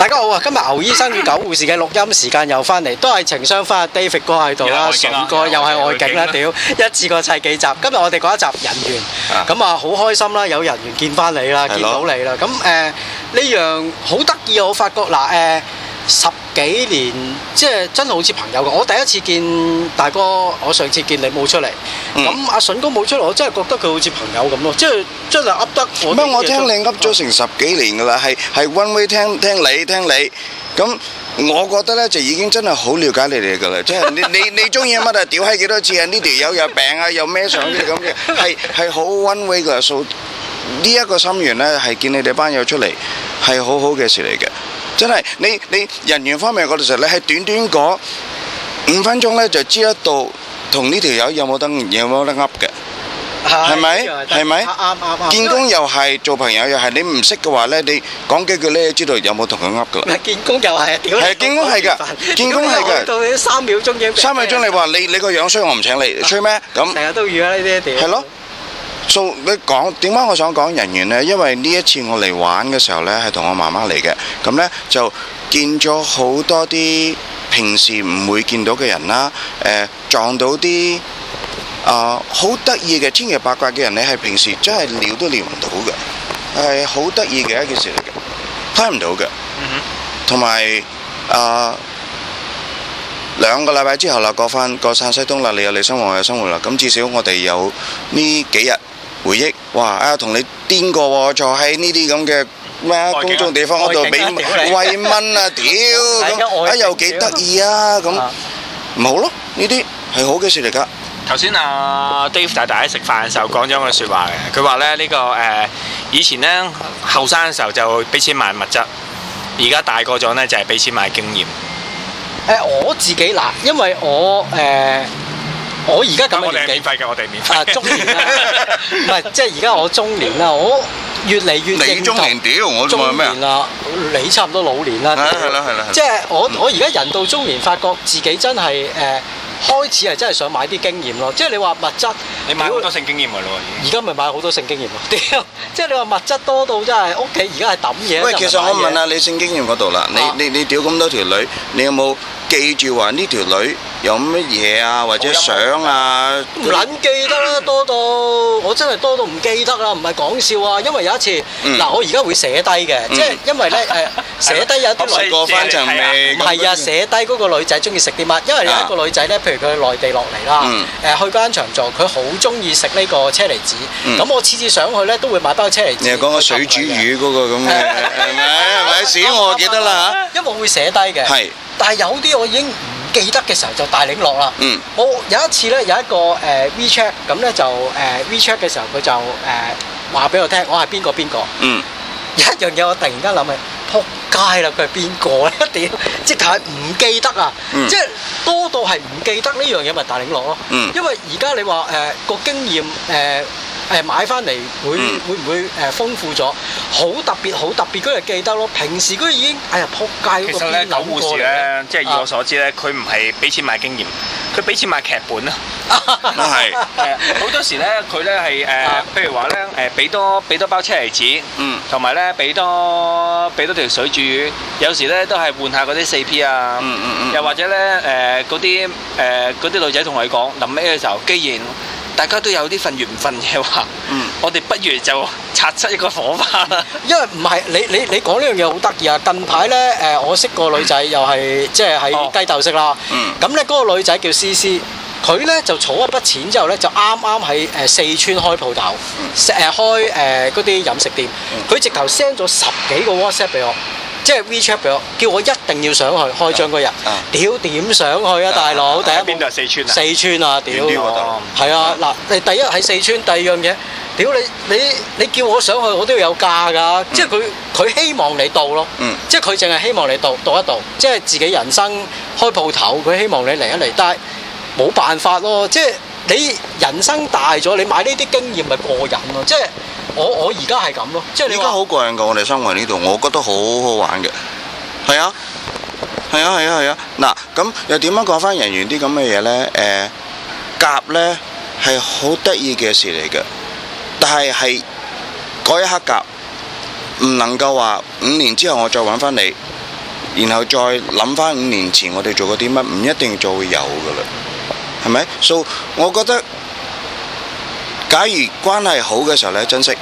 大家好啊！今日牛醫生與狗護士嘅錄音時間又返嚟，都係情商返 David 哥喺度啦，純哥又係外景啦，屌一,一次過砌幾集。今日我哋講一集人緣，咁啊好開心啦！有人緣見翻你啦，的見到你啦。咁誒呢樣好得意啊！我發覺嗱誒。呃呃十幾年，即係真係好似朋友嘅。我第一次見大哥，我上次見你冇出嚟，咁阿順哥冇出嚟，我真係覺得佢好似朋友咁咯、嗯。即係真係噏得。乜我聽你噏咗成十幾年噶啦，係係 one way 聽聽你聽你，咁我覺得呢，就已經真係好了解你哋噶啦。即係你你 你中意乜啊？屌閪幾多次啊？呢條友有病啊？有咩想咩咁嘅？係係好 one way 嘅數。呢一、so, 個心願呢，係見你哋班友出嚟，係好好嘅事嚟嘅。真係，你你人緣方面嗰度實，你係短短嗰五分鐘咧就知得到同呢條友有冇得有冇得噏嘅，係咪？係咪？啱啱啱。見工又係做朋友又係，你唔識嘅話咧，你講幾句咧，知道有冇同佢噏㗎喇。嗱，見工又係，係見工係㗎，見工係㗎。到你三秒鐘嘅，三秒鐘你話你你個樣衰，我唔請你，吹咩？咁大家都要啊呢啲地方。係咯。數你講點解我想講人緣咧？因為呢一次我嚟玩嘅時候咧，係同我媽媽嚟嘅。咁咧就見咗好多啲平時唔會見到嘅人啦。誒，撞到啲啊好得意嘅千奇百怪嘅人，你係平時真係撩都撩唔到嘅，係好得意嘅一件事嚟嘅，睇唔到嘅。嗯哼。同埋啊兩個禮拜之後啦，過翻過山西東啦，你有你生活，我有生活啦。咁至少我哋有呢幾日。回憶，哇！阿同你癲過，坐喺呢啲咁嘅咩公眾地方嗰度俾喂蚊啊！屌，咁啊有幾得意啊！咁唔好咯，呢啲係好嘅事嚟噶頭先啊，Dave 大大喺食飯嘅時候講咗我嘅說話嘅，佢話咧呢個誒，以前咧後生嘅時候就俾錢買物質，而家大個咗咧就係俾錢買經驗。誒，我自己嗱，因為我誒。我而家咁嘅年紀，我哋免費嘅，我哋免費。啊，中年啦，唔係， 即係而家我中年啦，我越嚟越中年屌，中年我中係咩啊？你差唔多老年啦，係啦係啦。即係我我而家人到中年，發覺自己真係誒、呃，開始係真係想買啲經驗咯。即係你話物質，你買好多性經驗啊，而家咪買好多性經驗咯，屌！ 即係你話物質多到真係屋企而家係揼嘢。其實我問下你性經驗嗰度啦，你你你屌咁多條女，你有冇？記住話呢條女有乜嘢啊，或者相啊，唔撚記得啦，多到我真係多到唔記得啦，唔係講笑啊，因為有一次嗱，我而家會寫低嘅，即係因為咧誒寫低有啲女仔個翻場未，唔係啊，寫低嗰個女仔中意食啲乜，因為有一個女仔咧，譬如佢去內地落嚟啦，誒去嗰間場座，佢好中意食呢個車厘子，咁我次次上去咧都會買包車厘子。你講個水煮魚嗰個咁嘅係咪？係咪先，我記得啦嚇，因為我會寫低嘅。但係有啲我已經唔記得嘅時候就大領落啦。我，嗯、有一次咧，有一個誒 WeChat、呃、咁咧就誒 WeChat、呃、嘅時候佢就誒話俾我聽我係邊個邊個。嗯、有一樣嘢我突然間諗起，撲街啦，佢係邊個咧？點即係太唔記得啊！嗯、即係多到係唔記得呢樣嘢咪大領落咯。嗯、因為而家你話誒，呃那個經驗誒。呃誒買翻嚟會會唔會誒豐富咗？好特別好特別，嗰日記得咯。平時嗰啲已經，哎呀撲街嗰啲諗其實咧，狗護士咧，即係以我所知咧，佢唔係俾錢買經驗，佢俾錢買劇本咯。係誒，好多時咧，佢咧係誒，譬如話咧，誒，俾多俾多包車厘子，嗯，同埋咧，俾多俾多條水煮魚。有時咧都係換下嗰啲四 P 啊，嗯嗯嗯，又或者咧誒嗰啲誒啲女仔同佢講臨尾嘅時候，既然。大家都有啲份緣分嘅話，嗯、我哋不如就擦出一個火花啦。因為唔係你你你講呢樣嘢好得意啊！近排咧誒，我識個女仔、嗯、又係即係喺雞竇識啦。咁咧嗰個女仔叫思思，佢咧就儲一筆錢之後咧，就啱啱喺誒四川開鋪頭，誒、嗯、開誒嗰啲飲食店。佢、嗯、直頭 send 咗十幾個 WhatsApp 俾我。即係 WeChat 俾我，叫我一定要上去開張嗰日，屌點、啊、上去啊大佬！啊啊、第一邊就四川啊，四川啊屌，係啊嗱，啊第一喺四川，第二樣嘢，屌你你你叫我上去，我都要有價噶，即係佢佢希望你到咯，嗯、即係佢淨係希望你到到一到，即係自己人生開鋪頭，佢希望你嚟一嚟，但係冇辦法咯，即係你人生大咗，你買呢啲經驗咪過癮咯，即係。我我而家係咁咯，即係你而家好過癮噶，我哋生活喺呢度，我覺得好好玩嘅，係啊，係啊，係啊，係啊，嗱，咁又點樣講翻人緣啲咁嘅嘢呢？誒、呃，夾呢係好得意嘅事嚟嘅，但係係嗰一刻夾，唔能夠話五年之後我再揾返你，然後再諗返五年前我哋做過啲乜，唔一定就會有噶啦，係咪？所、so, 我覺得。假如關係好嘅時候咧，珍惜，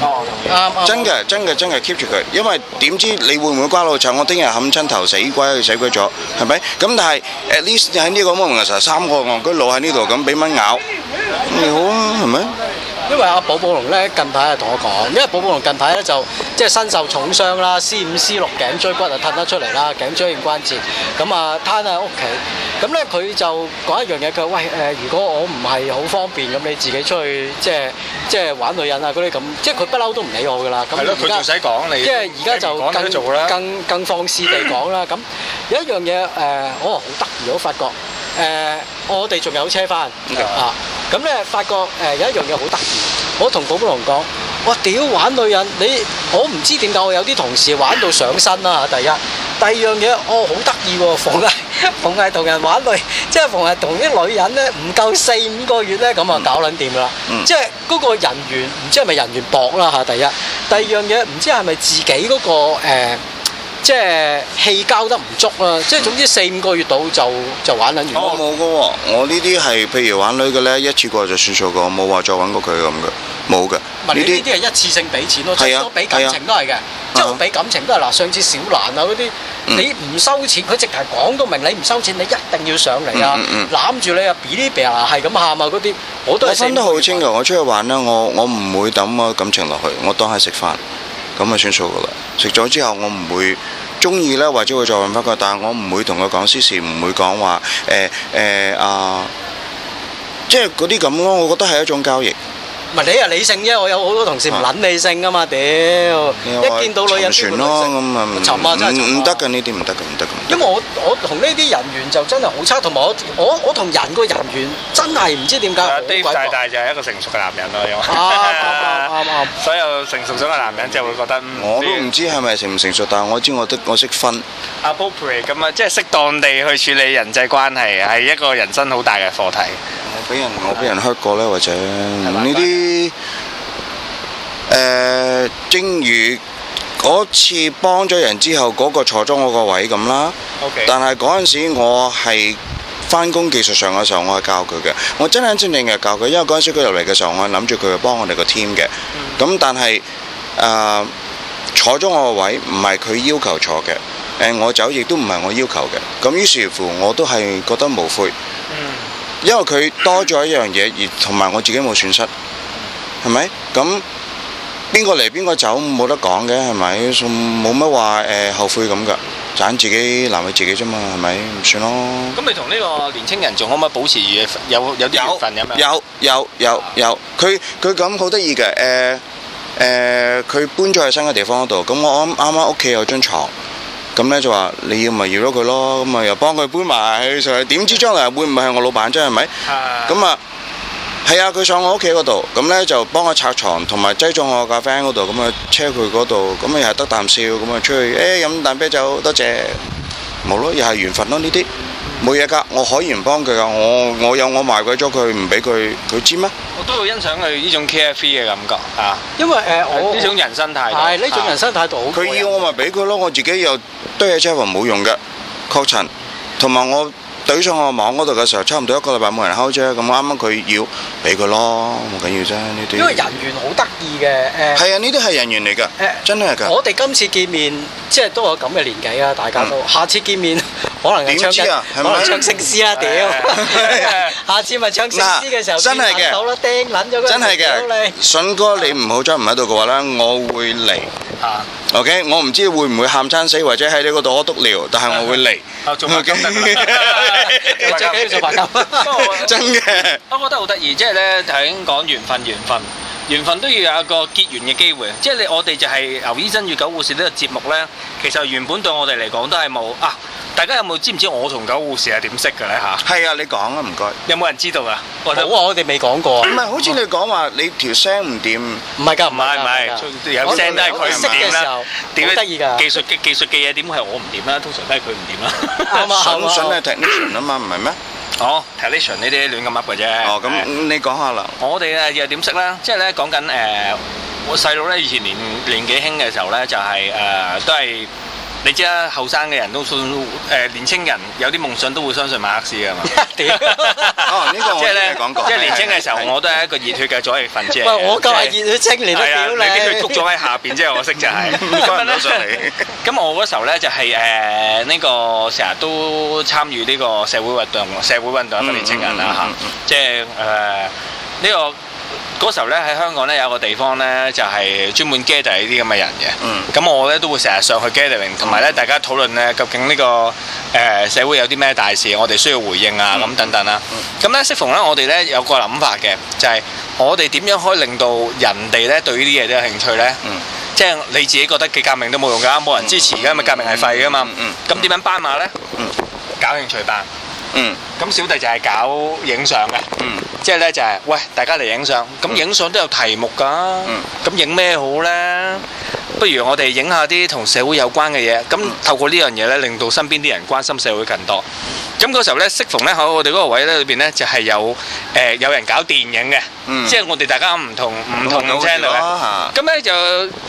哦，啱啱，真嘅，真嘅，真嘅 keep 住佢，因為點知你會唔會瓜老襯？我聽日冚親頭死鬼死鬼咗，係咪？咁但係 at least 喺呢個 moment 嘅時候，三個戇居佬喺呢度咁俾蚊咬，你好啊，係咪？因為阿寶寶龍咧近排啊同我講，因為寶寶龍近排咧就即係身受重傷啦，C 五 C 六頸椎骨啊褪得出嚟啦，頸椎炎關節，咁啊攤喺屋企。咁咧佢就講一樣嘢，佢話喂，誒、呃，如果我唔係好方便，咁你自己出去即係即係玩女人啊嗰啲咁，即係佢不嬲都唔理我噶啦。係咯，佢仲使講你？即係而家就更更放肆地講啦。咁 有一樣嘢誒，我好得意，我發覺誒，我哋仲有車返 Okay. 啊！咁咧，發覺誒、呃、有一樣嘢好得意，我同寶寶龍講，我屌玩女人，你我唔知點解我有啲同事玩到上身啦、啊、嚇。第一，第二樣嘢，我好得意喎，逢係逢係同人玩女，即係逢係同啲女人咧，唔夠四五個月咧，咁啊搞撚掂啦。即係嗰個人緣，唔知係咪人緣薄啦、啊、嚇。第一，第二樣嘢，唔知係咪自己嗰、那個、呃即係氣交得唔足啦、啊。即係總之四五個月到就、嗯、就玩緊完、哦。我冇噶喎，我呢啲係譬如玩女嘅咧，一次過就算數過，冇話再揾過佢咁嘅，冇嘅。唔你呢啲係一次性俾錢咯，些即係我俾感情都係嘅，即係我俾感情都係嗱，的上次小蘭啊嗰啲，嗯、你唔收錢，佢直頭講到明你唔收錢，你一定要上嚟啊！攬住、嗯嗯嗯、你又俾啲病，係咁喊啊嗰啲，我都係。我分得好清楚，我出去玩啦，我我唔會抌啊感情落去，我當係食飯。咁咪算數噶啦！食咗之後，我唔會鍾意呢，或者會再揾返佢，但係我唔會同佢講私事，唔會講話誒誒啊，即係嗰啲咁咯。我覺得係一種交易。唔係你係理性啫，我有好多同事唔撚理性噶嘛，屌！一見到女人全部都唔理性。存咯咁啊，唔唔唔得嘅，呢啲唔得嘅，唔得嘅。因為我我同呢啲人緣就真係好差，同埋我我我同人個人緣真係唔知點解好鬼。大就係一個成熟嘅男人咯，又啊啱啱。所有成熟咗嘅男人就會覺得。我都唔知係咪成唔成熟，但係我知我得我識分。appropriate 咁啊，即係適當地去處理人際關係，係一個人生好大嘅課題。我俾人我俾人 hurt 過咧，或者呢啲。誒，正如嗰次幫咗人之後，嗰、嗰個坐咗我個位咁啦。Okay. 但係嗰陣時我係返工技術上嘅時候，我係教佢嘅。我真係真正嘅教佢，因為嗰陣時佢入嚟嘅時候，我諗住佢會幫我哋個 team 嘅。咁、嗯、但係誒、呃、坐咗我個位，唔係佢要求坐嘅。誒，我走亦都唔係我要求嘅。咁於是乎，我都係覺得無悔，嗯、因為佢多咗一樣嘢，而同埋我自己冇損失。係咪咁邊個嚟，邊個走冇得講嘅係咪？冇乜話誒後悔咁噶，盞自己難為自己啫嘛，係咪唔算咯？咁你同呢個年青人仲可唔可以保持有有啲緣分有有有有有啊？有有有有，佢佢咁好得意嘅誒誒，佢、呃、搬咗去新嘅地方嗰度，咁我啱啱屋企有張床，咁咧就話你要咪要咗佢咯，咁啊又幫佢搬埋上去，點知將來會唔會係我老闆啫？係咪？咁啊。啊係啊，佢上我屋企嗰度，咁呢就幫我拆床，同埋擠咗我個 friend 嗰度，咁啊車佢嗰度，咁啊又係得啖笑，咁啊出去，誒飲啖啤酒，多謝，冇咯，又係緣分咯呢啲，冇嘢噶，我可以唔幫佢噶，我我有我賣鬼咗佢，唔俾佢，佢知咩？我都要欣賞佢呢種 carefree 嘅感覺啊，因為誒我呢種人生態度係呢種人生態度好。佢要我咪俾佢咯，我自己又堆喺車房冇用嘅，積塵，同埋我。對上我網嗰度嘅時候，差唔多一個禮拜冇人敲啫，咁啱啱佢要俾佢咯，冇緊要啫，呢啲。因為人緣好得意嘅，誒、呃。係啊，呢啲係人緣嚟噶，誒、呃，真係噶。我哋今次見面，即係都有咁嘅年紀啊，大家都。下次見面。嗯 可能點知啊？係咪唱聖詩啊？屌！下次咪唱聖詩嘅時候，真係嘅！釘撚咗佢走咗你。信哥，你唔好再唔喺度嘅話啦，我會嚟。嚇！OK，我唔知會唔會喊親死，或者喺你嗰度屙督尿，但係我會嚟。啊！仲未記得？你做咩做朋友？真嘅。我覺得好得意，即係咧，就已經講緣分，緣分。緣分都要有一個結緣嘅機會，即係你我哋就係牛醫生與狗護士呢個節目咧，其實原本對我哋嚟講都係冇啊！大家有冇知唔知我同狗護士係點識㗎咧嚇？係啊，你講啊，唔該。有冇人知道啊？冇啊，我哋未講過。唔係，好似你講話你條聲唔掂，唔係㗎，唔係唔係，有聲都係佢唔掂啦。點得意㗎？技術嘅技術嘅嘢點會係我唔掂啦？通常都係佢唔掂啦。啱唔啱？啱唔啱？啱唔啱？唔係咩？哦 television 呢啲亂咁噏嘅啫。哦，咁你講下啦。我哋咧又點識咧？即係咧講緊我細佬咧以前年紀輕嘅時候咧，就係誒都係。你知啦，後生嘅人都算誒年青人有啲夢想都會相信馬克思㗎嘛。即係咧，即係年青嘅時候，我都係一個熱血嘅左翼分子。唔係我夠係熱血青年嚟嘅。你俾佢捉咗喺下邊，即係我識就係。咁樣咧，咁我嗰時候咧就係誒呢個成日都參與呢個社會運動、社會運動嘅年青人啦嚇，即係誒呢個。嗰時候咧喺香港咧有個地方咧就係專門 gather 呢啲咁嘅人嘅，咁、嗯、我咧都會成日上去 gathering，同埋咧、嗯、大家討論咧究竟呢個誒社會有啲咩大事，我哋需要回應啊咁等等啦。咁咧，適逢咧我哋咧有個諗法嘅，就係、是、我哋點樣可以令到人哋咧對呢啲嘢都有興趣咧？即係、嗯、你自己覺得幾革命都冇用㗎，冇人支持，而家咪革命係廢㗎嘛。咁點、嗯嗯嗯、樣班馬咧？嗯、搞興趣班。嗯，咁小弟就係搞影相嘅，嗯，即係咧就係喂大家嚟影相，咁影相都有題目噶，嗯，咁影咩好咧？不如我哋影下啲同社會有關嘅嘢，咁透過呢樣嘢咧，令到身邊啲人關心社會更多。咁嗰時候咧，適逢咧喺我哋嗰個位咧裏邊咧就係有誒有人搞電影嘅，嗯，即係我哋大家唔同唔同 channel 啦，咁咧就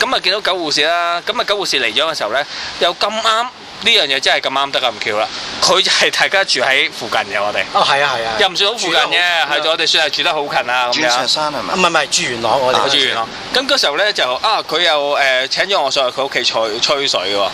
咁啊見到九護士啦，咁啊九護士嚟咗嘅時候咧又咁啱。呢樣嘢真係咁啱得咁巧啦！佢就係大家住喺附近嘅，我哋啊係啊係啊，啊啊又唔算好附近嘅，係我哋算係住得好近啦咁樣。啊啊、山係咪？唔係唔係，住元朗、啊、我哋們住元朗。咁嗰時候咧就啊，佢又誒、呃、請咗我上去佢屋企吹吹水喎。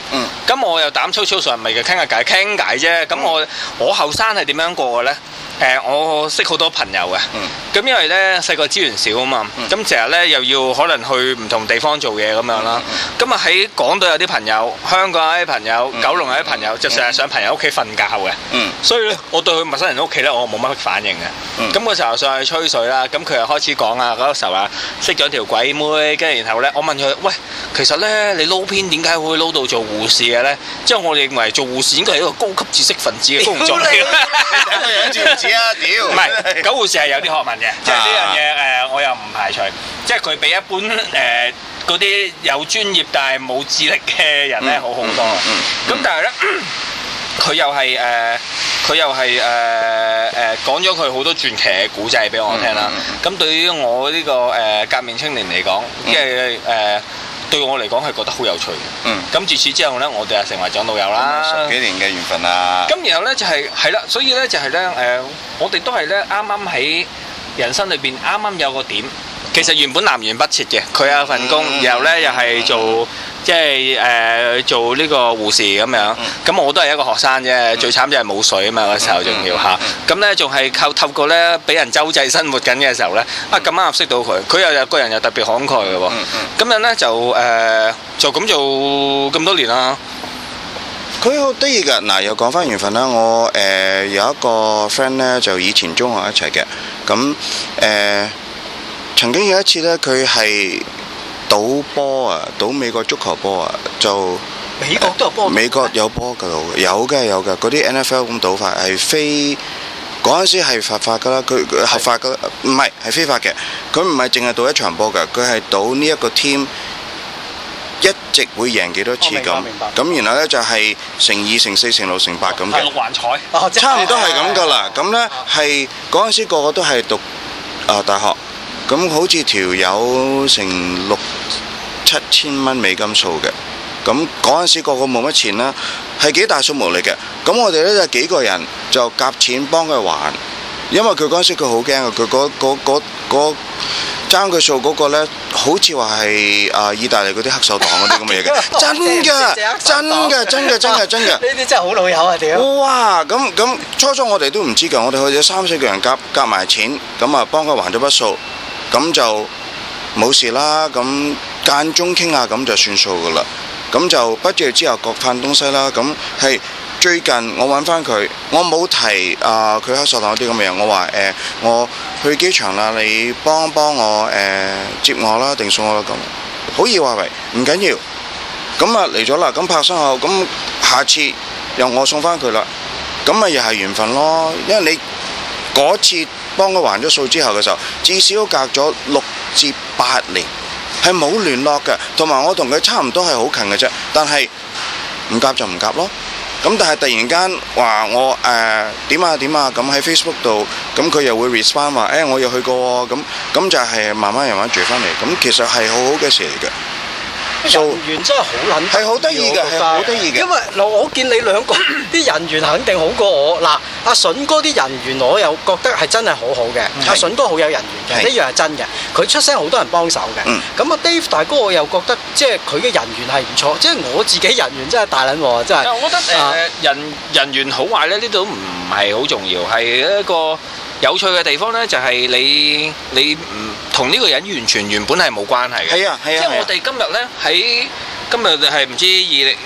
咁、嗯、我又膽粗粗上嚟，嘅傾下偈傾偈啫。咁我、嗯、我後生係點樣過嘅咧？誒，我識好多朋友嘅，咁因為咧細個資源少啊嘛，咁成日咧又要可能去唔同地方做嘢咁樣啦，咁啊喺港島有啲朋友，香港有啲朋友，嗯嗯、九龍有啲朋友，就成日上朋友屋企瞓覺嘅，嗯、所以咧我對佢陌生人屋企咧我冇乜反應嘅。咁個、嗯、時候上去吹水啦，咁佢又開始講啊嗰個時候啊，識咗條鬼妹，跟住然後咧我問佢：喂，其實咧你撈偏點解會撈到做護士嘅咧？即、就、係、是、我認為做護士應該係一個高級知識分子嘅工作。 屌，唔係，九護士係有啲學問嘅，即係呢樣嘢誒，我又唔排除，即係佢比一般誒嗰啲有專業但係冇智力嘅人咧，好好多。嗯，咁但係咧，佢又係誒，佢又係誒誒講咗佢好多傳奇嘅古仔俾我聽啦。咁對於我呢個誒革命青年嚟講，即係誒。對我嚟講係覺得好有趣，嗯，咁自此之後呢，我哋啊成為長老友啦，啊、十幾年嘅緣分啦。咁然後呢，就係係啦，所以呢，就係、是、呢，誒、呃，我哋都係呢啱啱喺人生裏邊啱啱有個點。其實原本南緣北切嘅，佢有份工，然後咧又係做即係誒、呃、做呢個護士咁樣。咁 我都係一個學生啫，最慘就係冇水啊嘛！嗰時候仲要嚇。咁咧仲係靠透過咧俾人周濟生活緊嘅時候咧。啊，咁啱識到佢，佢又又個人又特別慷慨嘅喎。咁樣咧就誒、呃、做咁做咁多年啦。佢好得意㗎。嗱，又講翻緣分啦。我誒、呃、有一個 friend 咧，就以前中學一齊嘅。咁誒。呃嗯曾經有一次呢，佢係賭波啊，賭美國足球波啊，就美國都有波。美國有波嘅賭，有嘅係有嘅。嗰啲 NFL 咁賭法係非嗰陣時係合法嘅啦，佢合法嘅唔係係非法嘅。佢唔係淨係賭一場波嘅，佢係賭呢一個 team 一直會贏幾多次咁。咁然後呢就係乘二乘四乘六乘八咁嘅。六合彩差唔多係咁嘅啦。咁呢係嗰陣時個個都係讀啊大學。咁好似條友成六七千蚊美金數嘅，咁嗰陣時個個冇乜錢啦，係幾大數目嚟嘅。咁我哋咧就幾個人就夾錢幫佢還，因為佢嗰陣時佢好驚啊！佢嗰嗰嗰嗰爭佢數嗰個咧，好似話係啊，意大利嗰啲黑手黨嗰啲咁嘅嘢嘅，真㗎，真㗎，真㗎，真㗎，真㗎。呢啲真係好老友啊！屌哇！咁咁初初我哋都唔知㗎，我哋去咗三四個人夾夾埋錢，咁啊幫佢還咗筆數。咁就冇事啦，咁間中傾下咁就算數噶啦，咁就畢咗業之後各返東西啦，咁係最近我揾返佢，我冇提啊佢喺手頭啲咁樣，我話誒、呃、我去機場啦，你幫幫我誒、呃、接我啦，定送我啦咁，好易話喂唔緊要，咁啊嚟咗啦，咁拍心口，咁下次由我送返佢啦，咁咪又係緣分咯，因為你嗰次。幫佢還咗數之後嘅時候，至少隔咗六至八年係冇聯絡嘅，同埋我同佢差唔多係好近嘅啫。但係唔夾就唔夾咯。咁但係突然間話我誒點、呃、啊點啊咁喺 Facebook 度，咁佢又會 respond 話誒我又去過喎。咁咁就係慢慢慢慢住翻嚟。咁其實係好好嘅事嚟嘅。人緣真係好捻，係好得意嘅，係好得意嘅。因為嗱，我見你兩個啲人緣肯定好過我。嗱、啊，阿筍哥啲人緣我又覺得係真係好好嘅。阿筍是、啊、哥好有人緣嘅，呢樣係真嘅。佢出聲好多人幫手嘅。咁啊、嗯、，Dave 大哥我又覺得即係佢嘅人緣係唔錯。即、就、係、是、我自己人緣真係大捻喎，真係。嗯、我覺得誒、呃、人人緣好壞咧，呢度唔係好重要，係一個有趣嘅地方咧，就係、是、你你唔。你同呢個人完全原本係冇關係嘅，即係、啊啊啊、因為我哋今日咧喺，今日係唔知二一，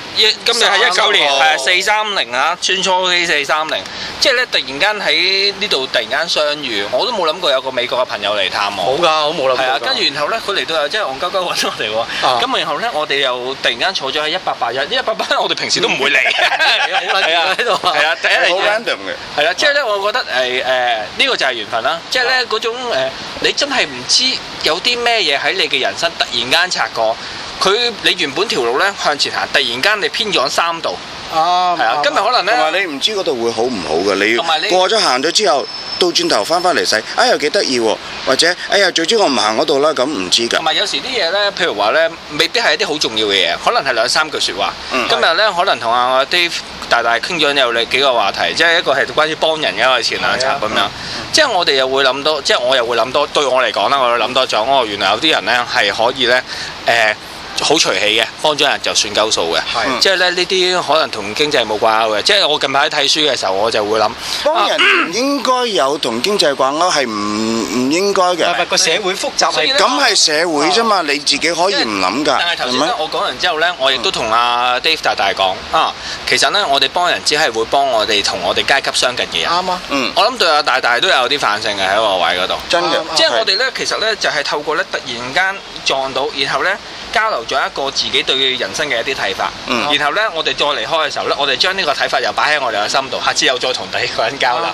今日係一九年，係四三零啊，年初啲四三零，即係咧突然間喺呢度突然間相遇，我都冇諗過有個美國嘅朋友嚟探我。好㗎，我冇諗過。係啊，跟住然後咧，佢嚟到即真係戇鳩鳩揾我嚟喎。咁然後咧，我哋又突然間坐咗喺一八八一，一八八一我哋平時都唔會嚟。係啊，喺度。係啊，第一係 random 嘅。係啦，即係咧，我覺得誒誒呢個就係緣分啦。即係咧嗰種誒，你真係唔知有啲咩嘢喺你嘅人生突然間擦過。佢你原本條路咧向前行，突然間你偏咗三度，係啊，啊嗯、今日可能咧同埋你唔知嗰度會好唔好嘅，你要過咗行咗之後，到轉頭翻翻嚟使，哎又幾得意喎，或者哎呀最知我唔行嗰度啦，咁唔知㗎。同埋有，有時啲嘢咧，譬如話咧，未必係一啲好重要嘅嘢，可能係兩三句説話。嗯、今日咧，的可能同阿啲大大傾咗有你幾個話題，即係一個係關於幫人嘅愛錢奶茶咁樣、嗯嗯即，即係我哋又會諗到，即係我又會諗到，對我嚟講啦，我會諗多咗哦，原來有啲人咧係可以咧，誒、呃。好隨氣嘅，幫咗人就算夠數嘅，嗯。即係咧，呢啲可能同經濟冇掛鈎嘅。即係我近排睇書嘅時候，我就會諗幫人唔應該有同經濟掛鈎係唔唔應該嘅，個，嗯、社會複雜，咁係社會啫嘛，啊、你自己可以唔諗㗎。但係頭先我講完之後咧，我亦都同阿，啊、Dave 大大講啊，其實咧，我哋幫人只係會幫我哋同我哋階級相近嘅人。啱，嗯、啊，啊我諗對阿大大都有啲反省嘅喺我位嗰度。真嘅，即係我哋咧，其實咧就係透過咧，突然間撞到，然後咧。交流咗一個自己對人生嘅一啲睇法，然後呢我哋再離開嘅時候呢，我哋將呢個睇法又擺喺我哋嘅心度，下次又再同第二個人交流。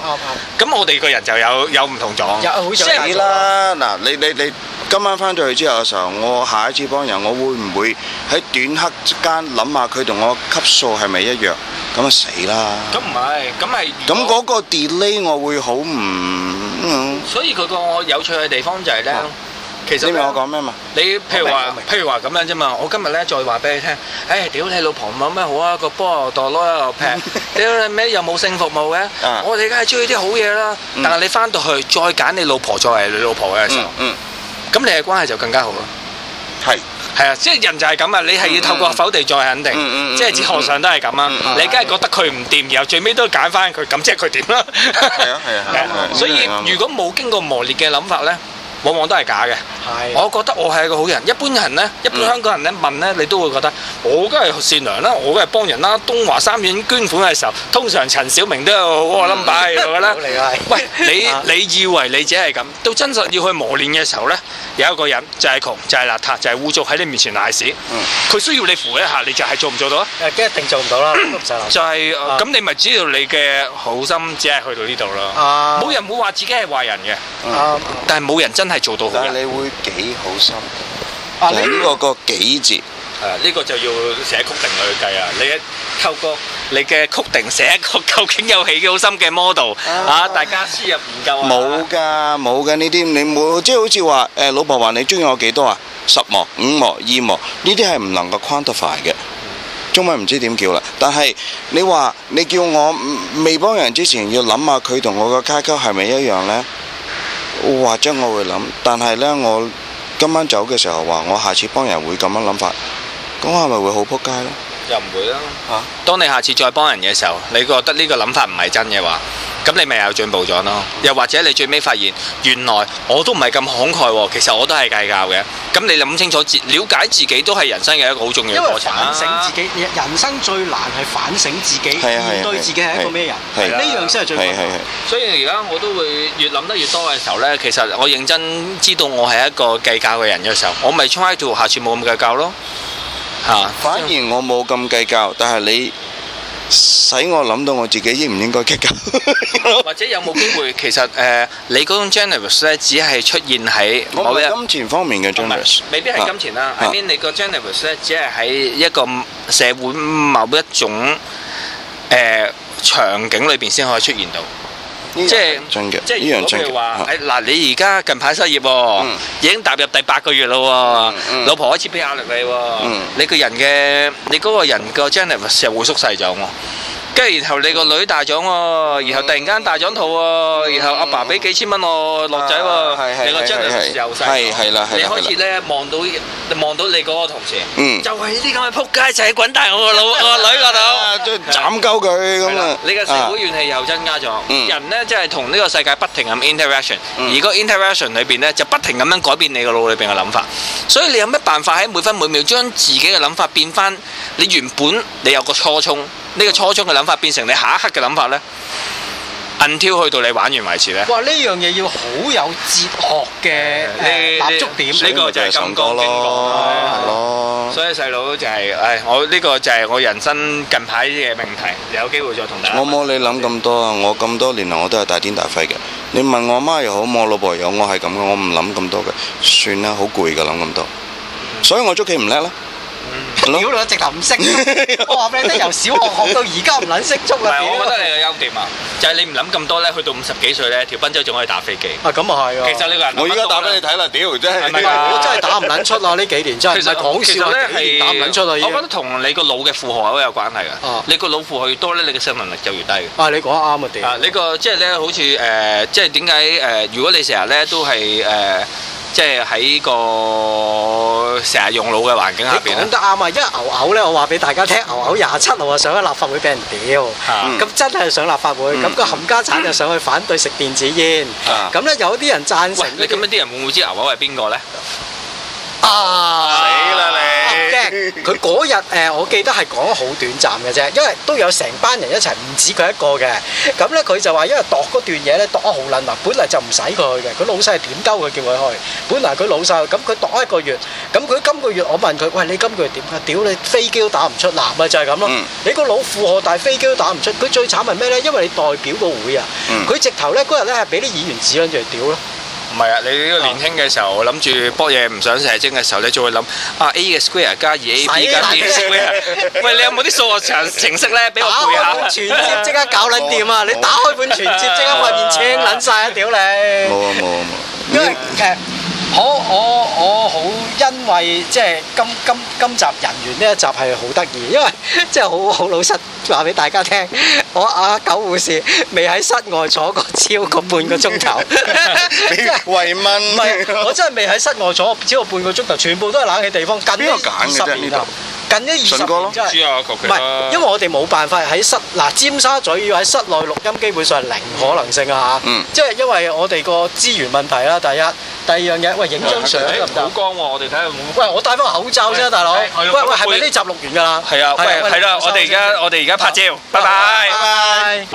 咁我哋個人就有有唔同種。有好死啦！嗱，你你你今晚翻到去之後嘅時候，我下一次幫人，我會唔會喺短刻間諗下佢同我級數係咪一樣？咁啊死啦！咁唔係，咁係。咁嗰個 delay 我會好唔？所以佢個有趣嘅地方就係呢。其實我講咩嘛？你譬如話，譬如話咁樣啫嘛。我今日咧再話俾你聽，誒，屌你老婆冇咩好啊，個波又墮攞又劈，屌你咩又冇性服務嘅。我哋梗係中意啲好嘢啦。但係你翻到去再揀你老婆作為你老婆嘅時候，咁你嘅關係就更加好啦。係係啊，即係人就係咁啊。你係要透過否定再肯定，即係哲學上都係咁啊。你梗係覺得佢唔掂，然後最尾都要揀翻佢，咁即係佢點啦？係啊係啊係啊！所以如果冇經過磨練嘅諗法咧。往往都係假嘅。係，我覺得我係一個好人。一般人咧，一般香港人咧問咧，你都會覺得我梗係善良啦，我梗係幫人啦。東華三院捐款嘅時候，通常陳小明都有嗰個 number 喺度啦。喂，你你以為你自己係咁？到真實要去磨練嘅時候咧，有一個人就係窮，就係邋遢，就係污糟喺你面前瀨屎。佢需要你扶一下，你就係做唔做到啊？一定做唔到啦。就係咁，你咪只要你嘅好心只係去到呢度咯。冇人會話自己係壞人嘅。但係冇人真係。係做到嘅，但係你會幾好心？啊，呢個個幾字係呢個就要寫曲定去計啊！你透過，你嘅曲定寫一個究竟有幾好心嘅 model 啊？大家輸入唔夠冇㗎，冇㗎呢啲，你冇即係好似話誒老婆話你中意我幾多啊？十模、五模、二模呢啲係唔能夠 quantify 嘅，中文唔知點叫啦。但係你話你叫我未幫人之前要諗下佢同我個階級係咪一樣咧？或者我會諗，但係呢，我今晚走嘅時候話，我下次幫人會咁樣諗法，咁係咪會好仆街咯？又唔會啦。啊、當你下次再幫人嘅時候，你覺得呢個諗法唔係真嘅話？咁你咪又進步咗咯？又或者你最尾發現，原來我都唔係咁慷慨喎，其實我都係計較嘅。咁你諗清楚、了解自己都係人生嘅一個好重要嘅過程。反省自己，人生最難係反省自己，面對自己係一個咩人？呢樣先係最難。啊啊、所以而家我都會越諗得越多嘅時候呢，其實我認真知道我係一個計較嘅人嘅時候，我咪 try to 下次冇咁計較咯。嚇、啊，反而我冇咁計較，但係你。使我諗到我自己應唔應該激緊， 或者有冇機會？其實誒、呃，你嗰種 generous 咧，只係出現喺某金錢方面嘅 generous，未必係金錢啦。未必、啊、I mean, 你個 generous 咧，只係喺一個社會某一種誒、呃、場景裏邊先可以出現到。即係是，即係呢樣專業。譬如話，誒嗱的，你而家近排失業，嗯、已經踏入第八個月啦，嗯、老婆開始俾壓力你喎。嗯、你個人嘅，嗯、你嗰個人嘅 gene 係會縮細咗。跟住，然後你個女大咗喎，然後突然間大咗肚喎，然後阿爸俾幾千蚊我落仔喎，你個精力又細，你開始咧望到望到你嗰個同事，就係呢啲咁嘅撲街仔滾大我個老我個女嗰度，將斬鳩佢咁啊！你嘅社會怨氣又增加咗。人呢，即係同呢個世界不停咁 interaction，而個 interaction 裏邊呢，就不停咁樣改變你個腦裏邊嘅諗法。所以你有乜辦法喺每分每秒將自己嘅諗法變翻你原本你有個初衷？呢個初衷嘅諗法變成你下一刻嘅諗法呢，硬跳去到你玩完為止呢？哇！呢樣嘢要好有哲學嘅立足點，呢個就係金剛經咯、欸嗯嗯。所以細佬就係、是，唉，我、這、呢個就係我人生近排嘅命題，有機會再同大家講。我冇你諗咁多啊！哦、我咁多年嚟我都係大天大肺嘅。你問我媽又好，問我老婆又好，我係咁嘅，我唔諗咁多嘅，算啦，好攰㗎諗咁多，所以我捉棋唔叻啦。屌，我直頭唔識，我話俾你聽，由小學學到而家唔撚識足啊！唔係，我覺得你嘅優點啊，就係你唔諗咁多咧，去到五十幾歲咧，條賓周仲可以打飛機。啊，咁啊係啊！其實你個人，我而家打俾你睇啦，屌真係啊！如果真係打唔撚出啊！呢幾年真係唔係講笑啊！真係打唔撚出嚟。我覺得同你個腦嘅負荷係好有關係啊！你個腦負荷越多咧，你嘅生命力就越低。啊，你講得啱啊，啲啊！你個即係咧，好似誒，即係點解誒？如果你成日咧都係誒。即係喺個成日用腦嘅環境下邊咧，咁得啱啊！因為牛牛咧，我話俾大家聽，牛牛廿七號啊，上咗立法會俾人屌，咁、嗯、真係上立法會，咁、嗯、個冚家產就上去反對食電子煙，咁咧、嗯、有啲人贊成喂。咁樣啲人會唔會知牛牛係邊個咧？啊！死了佢嗰日誒，我記得係講得好短暫嘅啫，因為都有成班人一齊，唔止佢一個嘅。咁咧，佢就話因為度嗰段嘢咧，度啊好撚難，本嚟就唔使佢去嘅。佢老細係點鳩佢叫佢去？本嚟佢老細，咁佢度一個月，咁佢今個月我問佢，喂，你今個月點啊？屌你飛機都打唔出，嗱嘛就係咁咯。你個腦負荷大，但係飛機都打唔出。佢最慘係咩咧？因為你代表個會啊，佢直頭咧嗰日咧係俾啲議員指，跟住屌咯。唔係啊！你呢個年輕嘅時候，諗住波嘢唔想射精嘅時候，你就會諗啊 A 嘅 square 加二 A B 加 B 嘅 square。餵！你有冇啲數學程式咧？俾我背下。打開本全摺，即刻搞撚掂啊！你打開本全摺，即刻面青撚曬啊！屌你！冇啊冇啊冇！因為其實，好我我好因為即係今今今集人緣呢一集係好得意，因為即係好好老實話俾大家聽。我阿、啊、九護士未喺室外坐過超過半個鐘頭，即慰問。唔係，我真係未喺室外坐過超過半個鐘頭，全部都係冷氣地方，近五十年啦。 近一二十個，唔係，因為我哋冇辦法喺室嗱尖沙咀要喺室內錄音，基本上係零可能性啊吓。嗯，即係因為我哋個資源問題啦。第一、第二樣嘢，喂，影張相得唔得？好光喎，我哋睇下。喂，我戴翻個口罩啫，大佬。係啊。喂喂，係咪呢集錄完㗎啦？係啊。係啦，我哋而家我哋而家拍照，拜拜。拜拜。